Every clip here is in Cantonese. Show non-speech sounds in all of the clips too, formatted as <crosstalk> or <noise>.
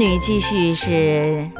女，繼續是。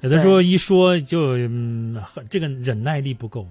有的時候一說就，嗯，很，這個忍耐力不夠嘛。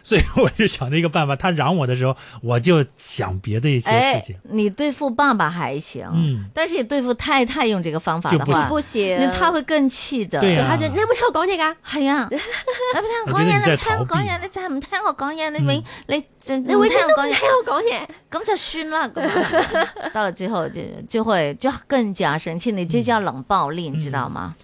所以我就想了一個辦法，他嚷我的時候，我就想別的一些事情，哎。你對付爸爸還行，嗯、但是你對付太太用這個方法的話，不行，那他會更氣的。對、啊、就他就 <laughs> 你有沒有聽我講嘢啊？係啊、嗯，你有沒有聽我講嘢，你聽我講嘢，你再係唔聽我講嘢，你明？你你你為什麼唔聽我講嘢？咁就算啦，咁到了最後就就會就更加生氣，你這叫冷暴力，你知道嗎？嗯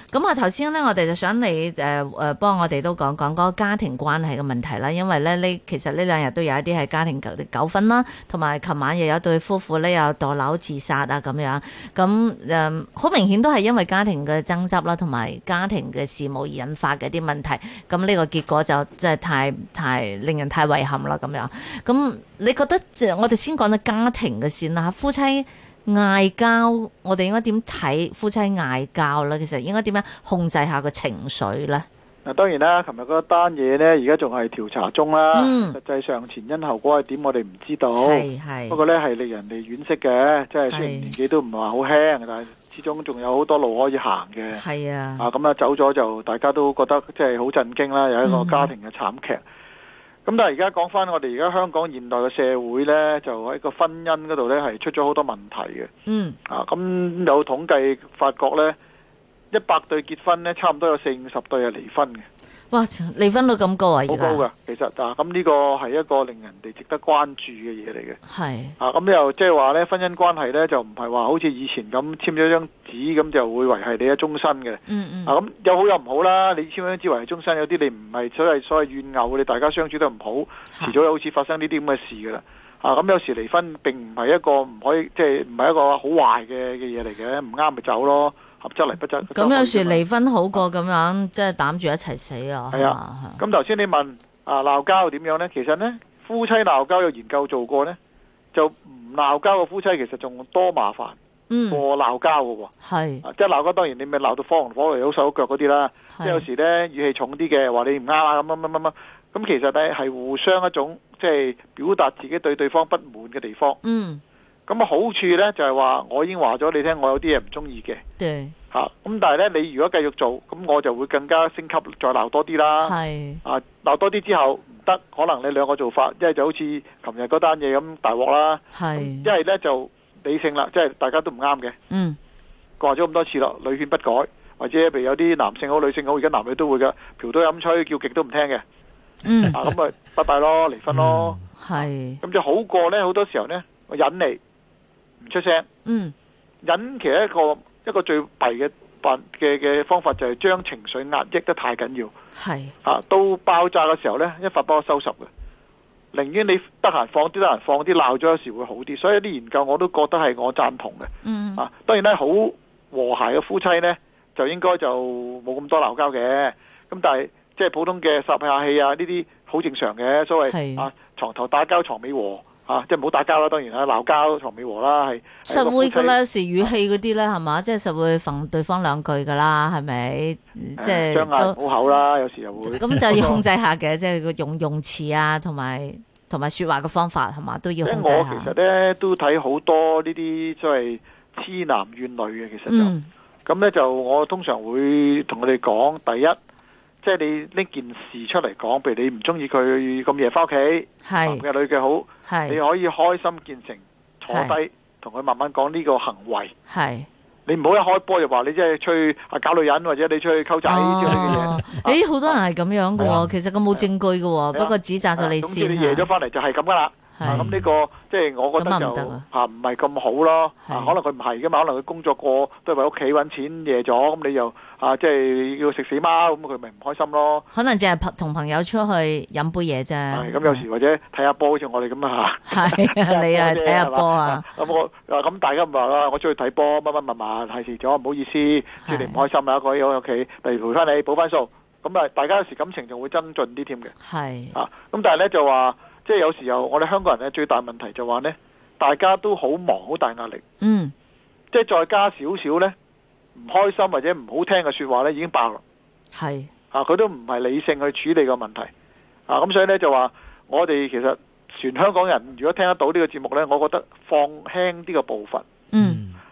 咁啊，頭先咧，我哋就想你誒誒幫我哋都講講嗰個家庭關係嘅問題啦，因為咧，呢其實呢兩日都有一啲係家庭糾糾紛啦，同埋琴晚又有對夫婦呢又墮樓自殺啊咁樣，咁誒好明顯都係因為家庭嘅爭執啦，同埋家庭嘅事務而引發嘅一啲問題，咁、這、呢個結果就真係太太令人太遺憾啦咁樣。咁你覺得即係我哋先講到家庭嘅先啦，夫妻。嗌交，我哋應該點睇夫妻嗌交咧？其實應該點樣控制下個情緒咧？嗱，當然啦，琴日嗰單嘢咧，而家仲係調查中啦。嗯，實際上前因後果係點，我哋唔知道。係係，不過咧係令人哋惋惜嘅，即係雖然年紀都唔係話好輕，但係始終仲有好多路可以行嘅。係啊，啊咁啊走咗就大家都覺得即係好震驚啦，有一個家庭嘅慘劇。咁但係而家講返我哋而家香港現代嘅社會呢，就喺個婚姻嗰度呢，係出咗好多問題嘅。嗯，啊，咁有統計發覺呢，一百對結婚呢，差唔多有四五十對係離婚嘅。哇！離婚率咁高啊，而家好高噶，其實啊，咁呢個係一個令人哋值得關注嘅嘢嚟嘅。係啊，咁又即係話咧，婚姻關係咧就唔係話好似以前咁簽咗張紙咁就會維係你一終生嘅。嗯嗯。啊，咁有好有唔好啦。你簽張紙維係終生，有啲你唔係所謂所謂怨偶，你大家相處都唔好，遲早又好似發生呢啲咁嘅事噶啦。啊，咁有時離婚並唔係一個唔可以，即係唔係一個好壞嘅嘅嘢嚟嘅，唔啱咪走咯。合則嚟，不則咁，有時離婚好過咁樣，啊、即係攬住一齊死啊！係啊！咁頭先你問啊，鬧交點樣呢？其實呢，夫妻鬧交有研究做過呢，就唔鬧交嘅夫妻其實仲多麻煩，嗯，過鬧交嘅喎，係、啊、即係鬧交，當然你咪鬧到方龍火雷，好手腳嗰啲啦。即係有時呢，語氣重啲嘅，話你唔啱啊，咁乜乜乜乜，咁其實咧係互相一種即係、就是、表達自己對對方不滿嘅地方。嗯。咁好處呢就係話，我已經話咗你聽，我有啲嘢唔中意嘅。吓咁、啊、但係呢，你如果繼續做，咁我就會更加升級再鬧多啲啦。係，啊鬧多啲之後唔得，可能你兩個做法，一係就好似琴日嗰單嘢咁大鑊啦。一係、啊、呢就理性啦，即係大家都唔啱嘅。嗯，講咗咁多次啦，屢勸不改，或者譬如有啲男性好，女性好，而家男女都會噶，嫖賭飲吹，叫極都唔聽嘅。嗯、咁、啊、咪，拜拜咯，離婚咯。係、嗯，咁就好過呢，好多時候呢，我忍你。唔出聲，嗯，忍其一個一個最弊嘅辦嘅嘅方法就係將情緒壓抑得太緊要，係啊，到爆炸嘅時候呢，一發不可收拾嘅。寧願你得閒放啲，得閒放啲鬧咗，有時會好啲。所以啲研究我都覺得係我贊同嘅，嗯啊，當然呢，好和諧嘅夫妻呢，就應該就冇咁多鬧交嘅，咁、啊、但係即係普通嘅撒下氣啊呢啲好正常嘅，所謂啊牀頭打交、床尾和。啊，即係唔好打交啦，當然啦，鬧交、床尾和啦，係實會噶啦，有時語氣嗰啲咧係嘛，即係實會諷對方兩句噶啦，係咪，嗯？即係、嗯、張牙舞口啦，嗯、有時又會。咁就要控制下嘅，即係個用用詞啊，同埋同埋説話嘅方法係嘛，都要控制下。我其實咧都睇好多呢啲即係痴男怨女嘅，其實就咁咧、嗯、就我通常會同佢哋講第一。即係你呢件事出嚟講，譬如你唔中意佢咁夜翻屋企，男嘅女嘅好，你可以開心見誠坐低同佢慢慢講呢個行為。係你唔好一開波就話你即係出去啊搞女人，或者你出去溝仔之類嘅嘢。誒，好多人係咁樣噶，其實佢冇證據噶，不過指責咗你先。咁即係你夜咗翻嚟就係咁噶啦。咁呢個即係我覺得，咁啊唔得吓，唔係咁好咯。可能佢唔係，而家可能佢工作過都係為屋企揾錢，夜咗咁你又。啊，即係要食死貓，咁佢咪唔開心咯？可能淨係同朋友出去飲杯嘢啫。咁、嗯，有時或者睇下波，好似我哋咁啊係你啊睇下波啊！咁我咁大家唔話啦，我中意睇波，乜乜乜乜，係遲咗，唔好意思，祝你唔開心啊！可以喺屋企，譬如陪翻你，補翻數。咁啊，大家有時感情仲會增進啲添嘅。係啊，咁但係咧就話，即係有時候我哋香港人咧最大問題就話咧，大家都好忙，好大壓力。嗯，即係再加少少咧。唔開心或者唔好聽嘅說話咧，已經爆啦。係啊，佢都唔係理性去處理個問題啊，咁所以咧就話我哋其實全香港人如果聽得到呢個節目咧，我覺得放輕啲個部分。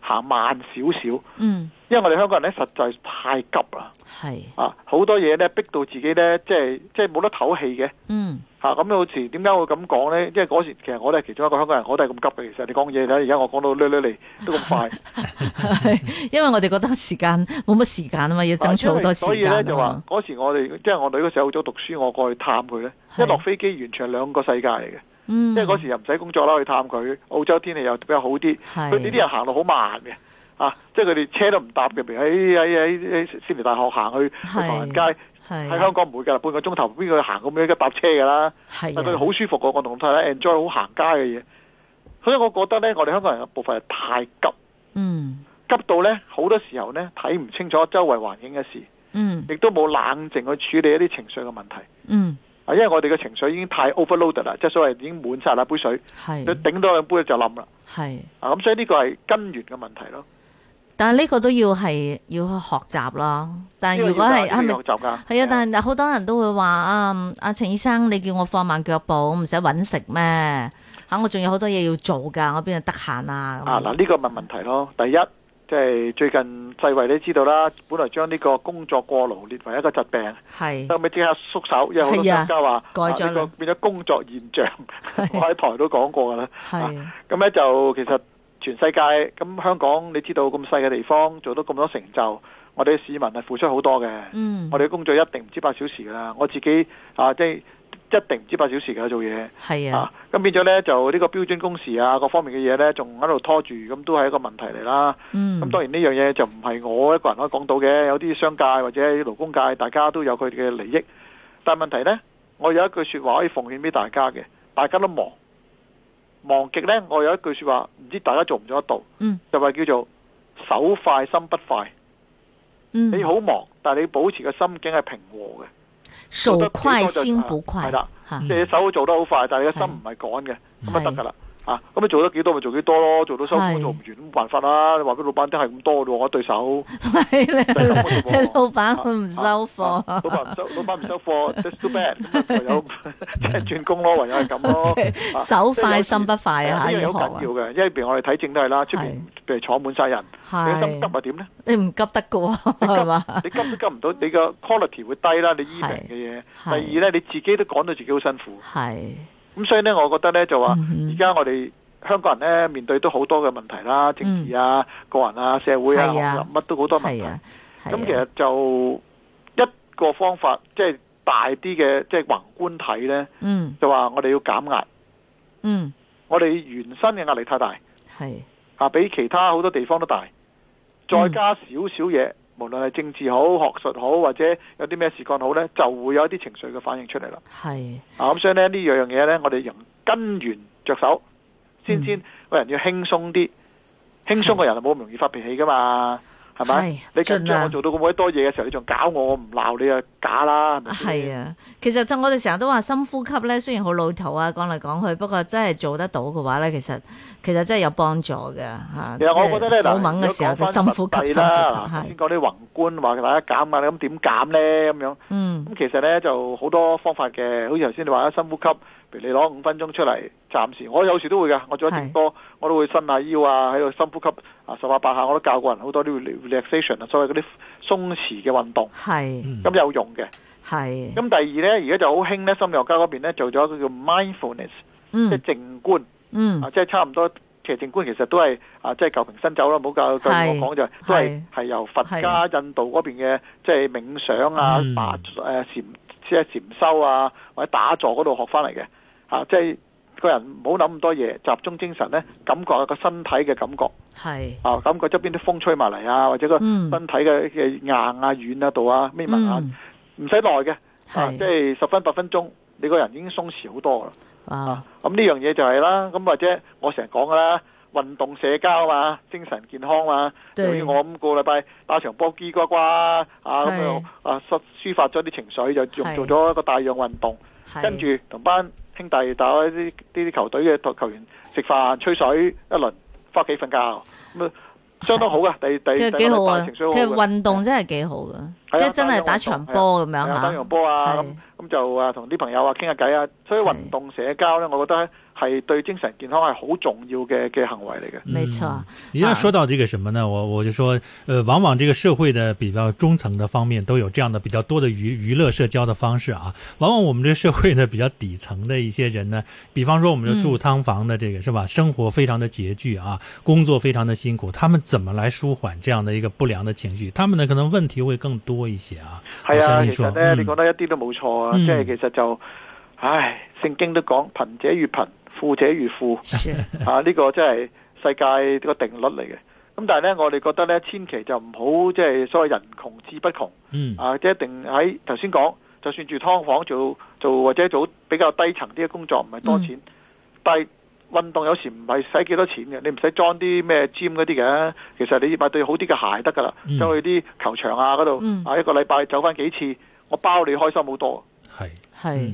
行慢少少，嗯，因為我哋香港人咧實在太急啦，係啊，好多嘢咧逼到自己咧，即係即係冇得唞氣嘅，嗯，吓、啊、咁好似點解會咁講咧？因為嗰時其實我咧係其中一個香港人，我都係咁急嘅。其實你講嘢睇，而家我講到唎唎嚟,都咁快， <laughs> <laughs> <laughs> 因為我哋覺得時間冇乜時間啊嘛，要爭取好多時間。所以咧、啊、就話嗰時我哋，即係我女嗰時候好早讀書，我過去探佢咧，一落飛機完全係兩個世界嚟嘅。嗯，即係嗰時又唔使工作啦，去探佢。澳洲天氣又比較好啲。佢啲啲人行路好慢嘅，啊，即係佢哋車都唔搭嘅，譬如喺喺喺悉尼大學走去、啊、去行去唐人街，喺、啊、香港唔會噶，半個鐘頭邊個行咁樣，梗搭車噶啦、啊。但佢哋好舒服嗰個動態，我同佢 enjoy 好行街嘅嘢。所以我覺得呢，我哋香港人嘅步伐係太急，嗯，急到呢好多時候呢，睇唔清楚周圍環境嘅事，嗯，亦都冇冷靜去處理一啲情緒嘅問題。因為我哋嘅情緒已經太 overloaded 啦，即係所謂已經滿晒啦杯水，佢頂多兩杯就冧啦。係啊，咁所以呢個係根源嘅問題咯。但係呢個都要係要學習囉。但係如果係係咪學習噶？係啊，但係好多人都會話啊，阿陳醫生，你叫我放慢腳步，我唔使搵食咩？吓，我仲有好多嘢要做噶，我邊度得閒啊？啊，嗱，呢個咪問題咯，第一。即係最近世衞都知道啦，本來將呢個工作過勞列為一個疾病，後尾即刻縮手，因為好多國家話，啊呢、這個、變咗工作現象。我喺台都講過㗎啦。係咁咧，啊、就其實全世界咁香港，你知道咁細嘅地方做到咁多成就，我哋市民係付出好多嘅。嗯，我哋工作一定唔止八小時㗎啦。我自己啊，即一定唔止八小時噶做嘢，係啊，咁、啊、變咗呢，就呢個標準工時啊，各方面嘅嘢呢，仲喺度拖住，咁都係一個問題嚟啦。咁、嗯、當然呢樣嘢就唔係我一個人可以講到嘅，有啲商界或者勞工界，大家都有佢嘅利益。但係問題呢，我有一句說話可以奉勸俾大家嘅，大家都忙忙極呢，我有一句說話，唔知大家做唔做得到？嗯、就係叫做手快心不快。嗯、你好忙，但係你保持個心境係平和嘅。手快心不快，係啦，你手做得好快，嗯、但係你嘅心唔係趕嘅，咁就得噶啦。啊，咁你做得幾多咪做幾多咯，做到收貨，做唔完咁辦法啦。你話俾老闆聽係咁多嘅喎，我對手，係咧，老闆佢唔收貨。老闆唔收，老闆唔收貨，that's too bad，唯有即係轉工咯，唯有係咁咯。手快心不快啊，要學啊。因為好緊要嘅，因為譬如我哋睇症都係啦，出邊譬如坐滿晒人，你急急係點咧？你唔急得嘅喎，你急嘛？你急都急唔到，你個 quality 會低啦，你醫病嘅嘢。第二咧，你自己都講到自己好辛苦。係。咁所以咧，我覺得咧就話，而、嗯、家我哋香港人咧面對都好多嘅問題啦、嗯，政治啊、個人啊、社會啊、乜、啊、都好多問題。咁、啊啊、其實就一個方法，即、就、係、是、大啲嘅，即係宏觀睇咧，就話、是嗯、我哋要減壓。嗯，我哋原生嘅壓力太大，係啊，比其他好多地方都大，啊、再加少少嘢。無論係政治好，學術好，或者有啲咩事幹好呢，就會有一啲情緒嘅反應出嚟啦。係，啊咁所以呢，呢樣嘢呢，我哋從根源着手，先先，個人要輕鬆啲，輕鬆個人係冇咁容易發脾氣㗎嘛。係，你跟住我做到咁鬼多嘢嘅時候，你仲搞我，我唔鬧你啊假啦！係啊，其實我哋成日都話深呼吸咧，雖然好老土啊，講嚟講去，不過真係做得到嘅話咧，其實其實真係有幫助嘅吓。其、嗯、實、啊就是、我覺得咧，嬲嘅時候就深呼吸，啦。先講啲宏觀話大家減啊，你咁點減咧？咁樣，嗯，咁其實咧就好多方法嘅，好似頭先你話啦，深呼吸。譬如你攞五分鐘出嚟，暫時我有時都會嘅，我做咗勁多，我都會伸下腰啊，喺度深呼吸啊，十下八下，我都教過人好多啲 relaxation 啊，所謂嗰啲鬆弛嘅運動，咁有用嘅。咁第二咧，而家就好興咧，心理學家嗰邊咧做咗一個叫 mindfulness，即、嗯、係、就是、靜觀，即、嗯、係、啊就是、差唔多。其實靜觀其實都係啊，即係舊瓶新酒啦，唔好教舊我講就係、是、都係由佛家印度嗰邊嘅即係冥想啊、打誒禪即係禪修啊或者打坐嗰度學翻嚟嘅。啊，即係個人唔好諗咁多嘢，集中精神咧，感覺個身體嘅感覺係啊，感覺周邊啲風吹埋嚟啊，或者個身體嘅嘅硬啊、軟啊度啊，眯埋眼，唔使耐嘅，即係十分八分鐘，你個人已經鬆弛好多啦。啊，咁呢樣嘢就係、是、啦，咁或者我成日講啦，運動社交啊精神健康嘛啊。好似我咁個禮拜打場波嘰呱呱啊，咁樣啊抒抒發咗啲情緒，就做做咗一個大量運動，跟住同班。兄弟打一啲呢啲球隊嘅球員食飯吹水一輪，翻屋企瞓覺的相當好噶。第其實好的第第二個半程，其實運動真係幾好嘅，即係真係打場波咁樣打場波啊，咁咁就啊，同啲朋友啊傾下偈啊，所以運動社交咧，我覺得。係對精神健康係好重要嘅嘅行為嚟嘅，沒、嗯、錯。你而家說到這個什麼呢？啊、我我就說，呃往往這個社會的比較中層的方面都有這樣的比較多的娛娛樂社交的方式啊。往往我們這社會呢比較底層的一些人呢，比方說我們就住湯房的這個、嗯，是吧？生活非常的拮據啊，工作非常的辛苦，他們怎麼來舒緩這樣的一個不良的情緒？他們呢可能問題會更多一些啊。係啊，其實呢，嗯、你講得一啲都冇錯啊。嗯、即係其實就，唉，聖經都講，貧者愈貧。富者愈富， <laughs> 啊呢、呢個真係世界個定律嚟嘅。咁但係呢，我哋覺得咧，千祈就唔好即係所謂人窮志不窮、嗯。啊，即係一定喺頭先講，就算住劏房做做或者做比較低層啲嘅工作，唔係多錢。嗯、但係運動有時唔係使幾多少錢嘅，你唔使裝啲咩尖嗰啲嘅，其實你要買對好啲嘅鞋得噶啦。走、嗯、去啲球場啊嗰度、嗯、啊，一個禮拜走返幾次，我包你開心好多。係係。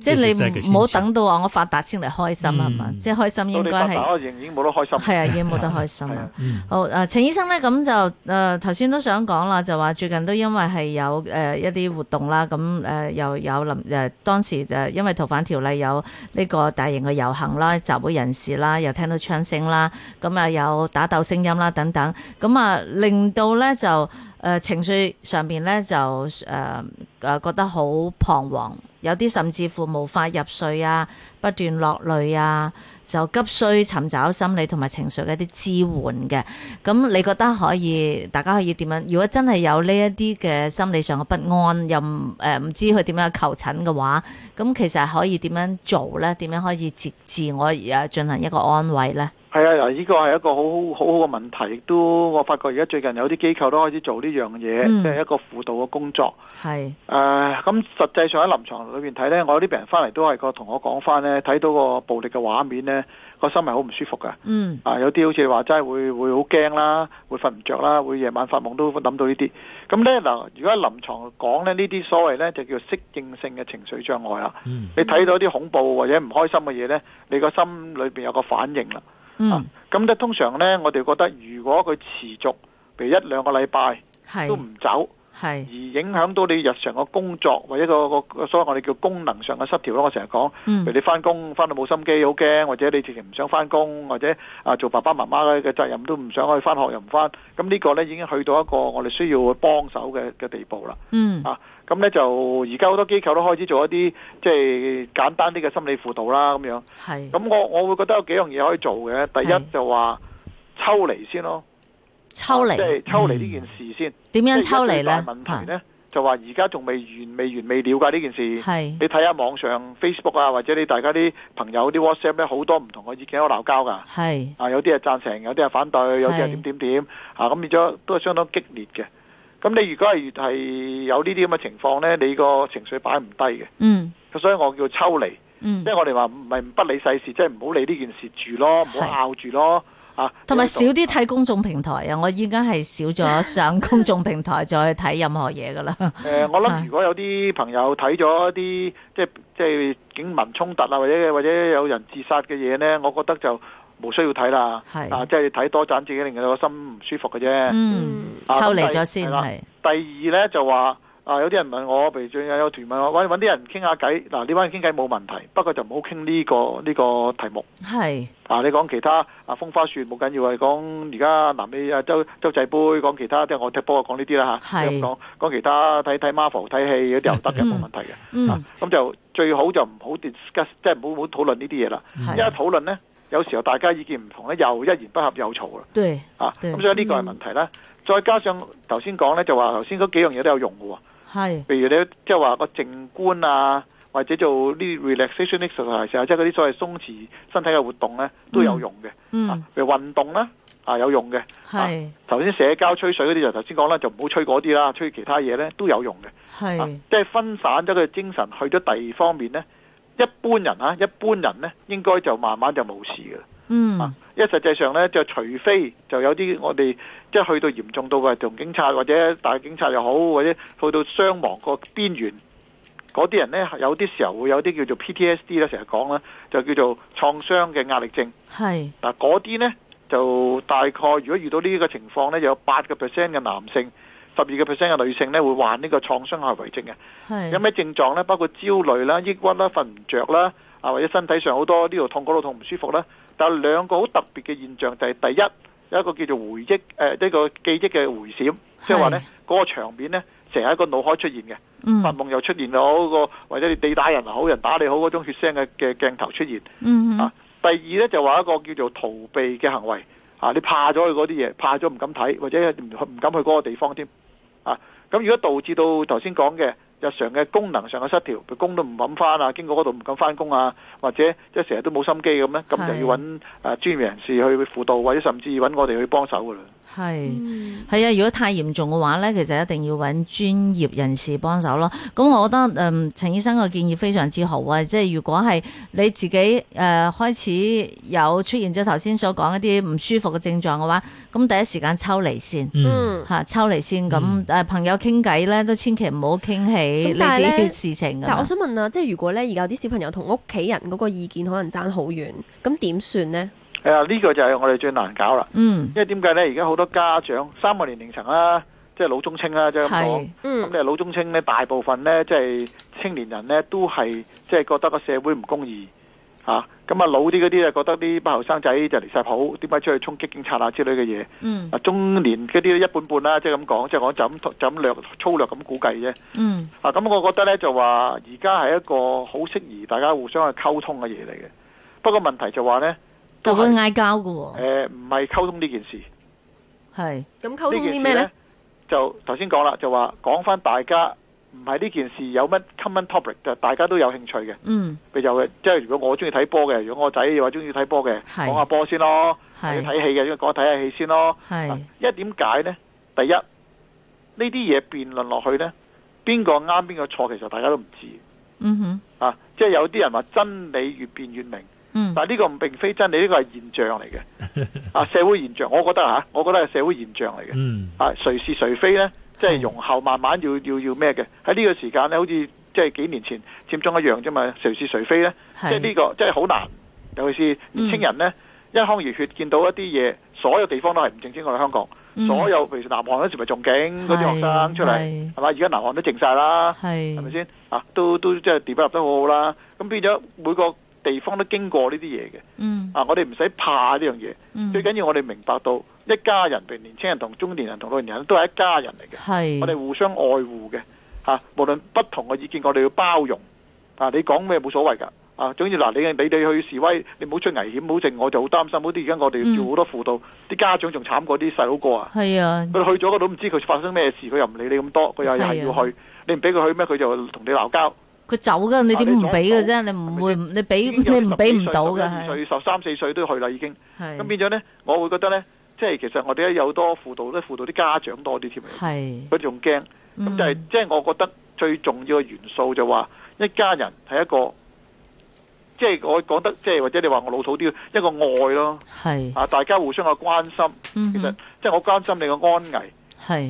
即係你唔好等到話我發達先嚟開心啊，係、嗯、嘛？即係開心應該係到你發達，已經冇得開心了。係啊，已經冇得開心了啊。好啊，陳、呃、醫生咧，咁就誒頭先都想講啦，就話最近都因為係有誒、呃、一啲活動啦，咁誒又有林誒、呃、當時誒、呃、因為逃犯條例有呢個大型嘅遊行啦、集會人士啦，又聽到槍聲啦，咁啊有打鬥聲音啦等等，咁啊、呃、令到咧就。誒、呃，情緒上面咧就誒誒、呃，覺得好彷徨，有啲甚至乎無法入睡啊，不斷落淚啊，就急需尋找心理同埋情緒嘅一啲支援嘅。咁你覺得可以，大家可以點樣？如果真係有呢一啲嘅心理上嘅不安，又誒唔、呃、知佢點樣求診嘅話，咁其實可以點樣做咧？點樣可以自自我啊進行一個安慰咧？係啊，嗱，呢個係一個好好好嘅問題，亦都我發覺而家最近有啲機構都開始做呢樣嘢，即係一個輔導嘅工作。係，誒、呃，咁實際上喺臨床裏邊睇呢，我有啲病人翻嚟都係個同我講翻呢，睇到個暴力嘅畫面呢，個心係好唔舒服噶、嗯。啊，有啲好似話齋會會好驚啦，會瞓唔着啦，會夜晚發夢都諗到呢啲。咁呢，嗱、呃，如果喺臨床講呢，呢啲所謂呢，就叫做適應性嘅情緒障礙啦、嗯。你睇到啲恐怖或者唔開心嘅嘢呢，你個心裏邊有個反應啦。咁、嗯、咧、啊、通常咧，我哋覺得如果佢持續，譬如一兩個禮拜，係，都唔走。係，而影響到你日常嘅工作或者個個，所謂我哋叫功能上嘅失調咯。我成日講，譬如你翻工翻到冇心機，好驚，或者你直情唔想翻工，或者啊做爸爸媽媽嘅責任都唔想，去翻學又唔翻，咁呢個呢已經去到一個我哋需要幫手嘅嘅地步啦。嗯，啊，咁咧就而家好多機構都開始做一啲即係簡單啲嘅心理輔導啦，咁樣。係。咁我我會覺得有幾樣嘢可以做嘅，第一就話抽離先咯。.抽離，即係抽離呢件事先、嗯。點樣抽離呢？問題呢就話而家仲未完、未完、未了解呢件事。係你睇下網上 Facebook 啊，或者你大家啲朋友啲 WhatsApp 咧，好多唔同嘅意見，喺度鬧交噶。係啊，有啲係贊成，有啲係反對，有啲係點點點啊。咁變咗都係相當激烈嘅。咁你如果係係有呢啲咁嘅情況呢，你個情緒擺唔低嘅。嗯。所以我叫抽離。即係我哋話唔係唔不理世事，即係唔好理呢件事住咯，唔好拗住咯。同埋少啲睇公眾平台啊！我依家係少咗上公眾平台再睇任何嘢噶啦。誒、呃，我諗如果有啲朋友睇咗啲即係即係警民衝突啊，或者或者有人自殺嘅嘢咧，我覺得就冇需要睇啦。係啊，即係睇多盞自己令個心唔舒服嘅啫。嗯，啊、抽離咗先係。第二咧就話。啊！有啲人問我，譬如最近有團問我，揾啲人傾下偈。嗱、啊，你揾人傾偈冇問題，不過就唔好傾呢個呢、呢個題目。係啊，你講其他啊，風花雪冇緊要啊，講而家南美啊，洲洲際杯講其他，即係我踢波講呢啲啦嚇。係講講其他，睇睇 Marvel 睇戲嗰啲又得嘅，冇問題嘅。咁、 <laughs> 嗯啊、就最好就唔好 discuss，即係唔好唔好討論呢啲嘢啦。一討論呢，有時候大家意見唔同咧，又一言不合又嘈啦。啊，咁、啊、所以呢個係問題啦、嗯。再加上頭先講呢，就話頭先嗰幾樣嘢都有用嘅喎、啊。係，譬如你即係話個靜觀啊，或者做啲 relaxation exercise 啊，即係嗰啲所謂鬆弛身體嘅活動咧，都有用嘅。嗯，譬如運動啦，啊，啊，啊有用嘅。係，頭先社交吹水嗰啲就頭先講啦，就唔好吹嗰啲啦，吹其他嘢，咧都有用嘅。係，即係分散咗個精神去咗第二方面咧，一般人啊，一般人咧應該就慢慢就冇事嘅。嗯，因為實際上咧，就除非就有啲我哋即係去到嚴重到嘅同警察或者大警察又好，或者去到傷亡個邊緣嗰啲人咧，有啲時候會有啲叫做 PTSD 啦，成日講啦，就叫做創傷嘅壓力症。係，嗱，嗰啲咧就大概如果遇到呢個情況咧，就有八個 percent 嘅男性，十二個 percent 嘅女性咧會患呢個創傷後壓力症嘅。係，有咩症狀咧，包括焦慮啦、抑鬱啦、瞓唔著啦。啊，或者身體上好多呢度痛嗰度痛唔舒服啦，但兩個好特別嘅現象就係、是、第一有一個叫做回憶，誒呢個記憶嘅回閃，即係話呢嗰個場面呢，成日喺個腦海出現嘅，發、嗯、夢又出現咗嗰個或者你地打人好，人打你好嗰種血腥嘅嘅鏡頭出現。嗯。啊，第二呢，就話、是、一個叫做逃避嘅行為，啊你怕咗佢嗰啲嘢，怕咗唔敢睇，或者唔唔敢去嗰個地方添。啊，咁、啊、如果導致到頭先講嘅，日常嘅功能上嘅失調，佢工都唔搵翻啊，經過嗰度唔敢翻工啊，或者即係成日都冇心機咁咧，咁就要揾誒專業人士去輔導，或者甚至揾我哋去幫手噶啦。係係啊，如果太嚴重嘅話咧，其實一定要揾專業人士幫手咯。咁我覺得誒，陳、呃、醫生嘅建議非常之好啊，即係如果係你自己誒、呃、開始有出現咗頭先所講一啲唔舒服嘅症狀嘅話，咁第一時間抽離先，嗯吓、啊、抽離先，咁誒、呃、朋友傾偈咧都千祈唔好傾氣。咁但係情、啊，但係我想問啊，即係如果咧而家有啲小朋友同屋企人嗰個意見可能爭好遠，咁點算呢？誒、嗯、啊，呢、呢個就係我哋最難搞啦。嗯，因為點解呢？而家好多家長三個年齡層啦，即係老中青啦，即係咁講。嗯，咁你老中青咧，大部分咧，即係青年人咧，都係即係覺得個社會唔公義。啊，咁啊老啲嗰啲啊，覺得啲不後生仔就離晒譜，點解出去衝擊警察啊之類嘅嘢、嗯啊？嗯，啊中年嗰啲一般般啦，即係咁講，即係我就咁就略粗略咁估計啫。嗯，啊咁，我覺得咧就話而家係一個好適宜大家互相去溝通嘅嘢嚟嘅。不過問題就話咧，就會嗌交嘅喎。呃、唔係溝通呢件事。係，咁溝通啲咩咧？就頭先講啦，就話講翻大家。唔係呢件事有乜 common topic，就大家都有興趣嘅。嗯，佢就即係如果我中意睇波嘅，如果我仔又話中意睇波嘅，講下波先咯。係睇戲嘅，咁我睇下戲先咯。係，因為點解呢？第一，呢啲嘢辯論落去呢，邊個啱邊個錯，其實大家都唔知道。嗯哼，啊，即係有啲人話真理越辯越明。嗯、但係呢個唔並非真理，呢、呢個係現象嚟嘅。啊，社會現象，我覺得吓、啊，我覺得係社會現象嚟嘅。啊、嗯，誰是誰非呢？即係容後，慢慢要、嗯、要要咩嘅？喺呢個時間咧，好似即係幾年前佔中一樣啫嘛，誰是誰非咧？即係呢個即係好難。尤其是年輕人咧、嗯，一腔熱血，見到一啲嘢，所有地方都係唔正經，我哋香港。嗯、所有譬如南韓嗰時咪仲勁嗰啲學生出嚟，係嘛？而家南韓都靜晒啦，係咪先？啊，都都即係 develop 得好好、啊、啦。咁變咗每個地方都經過呢啲嘢嘅。嗯。啊，我哋唔使怕呢樣嘢。最緊要我哋明白到。一家人，譬如年青人、同中年人、同老年人，都係一家人嚟嘅。係我哋互相愛護嘅，吓，無論不同嘅意見，我哋要包容。啊，你講咩冇所謂噶。啊，總之嗱，你你哋去示威，你唔好出危險，唔好剩我就好擔心。好啲而家我哋要做好多輔導，啲、嗯、家長仲慘過啲細佬哥啊。係啊，佢去咗個都唔知佢發生咩事，佢又唔理你咁多，佢又係要去，你唔俾佢去咩？佢就同你鬧交。佢走噶，你點唔俾嘅啫？你唔會，你俾你唔俾唔到嘅係。十二、十三、四歲都要去啦，已經。係咁變咗咧，我會覺得咧。即係其實我哋有多輔導咧，輔導啲家長多啲添，佢仲驚，咁即係即係我覺得最重要嘅元素就話一家人係一個，即係我講得即係或者你話我老土啲，一個愛咯，係啊，大家互相嘅關心，嗯、其實即係我關心你嘅安危，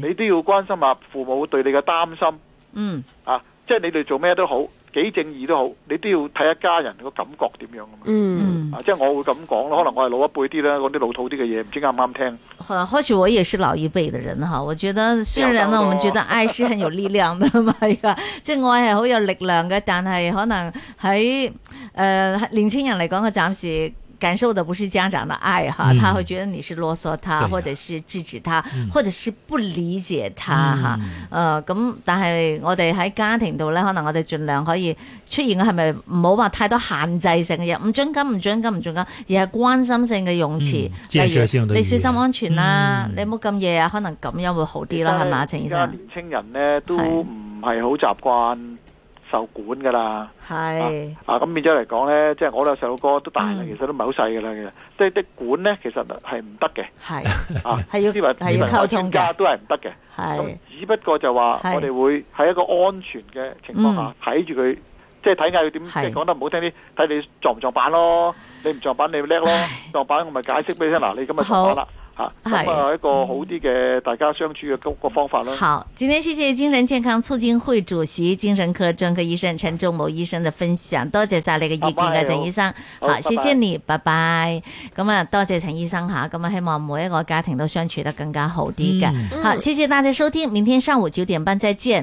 係你都要關心下父母對你嘅擔心，嗯啊即係你哋做咩都好，幾正義都好，你都要睇一家人個感覺點樣㗎嘛。嗯嗯啊、嗯，即係我會咁講咯，可能我係老一輩啲啦，講啲老土啲嘅嘢，唔知啱唔啱聽。或許我也是老一輩的人哈，我覺得雖然呢，我們覺得愛是很有力量，係噶，即係愛係好有力量嘅，但係可能喺，誒、呃、年輕人嚟講，佢暫時。感受的不是家長的愛哈，他會覺得你是囉嗦他，嗯啊、或者是制止他、嗯，或者是不理解他哈、嗯。呃咁，但係我哋喺家庭度咧，可能我哋盡量可以出現嘅係咪唔好話太多限制性嘅嘢，唔准咁，唔准咁，唔准咁，而係關心性嘅用詞，例如你小心安全啦、啊嗯，你唔好咁夜啊，可能咁樣會好啲啦、啊，係嘛，陳醫生。而家年輕人咧都唔係好習慣。受管噶啦，係啊咁變咗嚟講咧，即係我哋細路哥都大啦，其實都唔係好細噶啦，其實即係啲管咧，其實係唔得嘅，係啊，係要啲民，係要溝通噶，都係唔得嘅，係，只不過就話我哋會喺一個安全嘅情況下睇住佢，即係睇下佢點，即係講得唔好聽啲，睇你撞唔撞板咯，你唔撞板你叻咯，撞板我咪解釋俾你聽，嗱，你今日撞板啦。吓、啊，咁一個好啲嘅大家相處嘅個方法啦。好，今天謝謝精神健康促進會主席、精神科專科醫生陳仲謀醫生嘅分享，多謝晒你嘅意見嘅，Bye. 陳醫生。好，謝謝你，拜拜。咁啊，多謝陳醫生吓，咁啊，希望每一個家庭都相處得更加好啲嘅，嗯。好，謝謝大家收聽，明天上午九點半再見。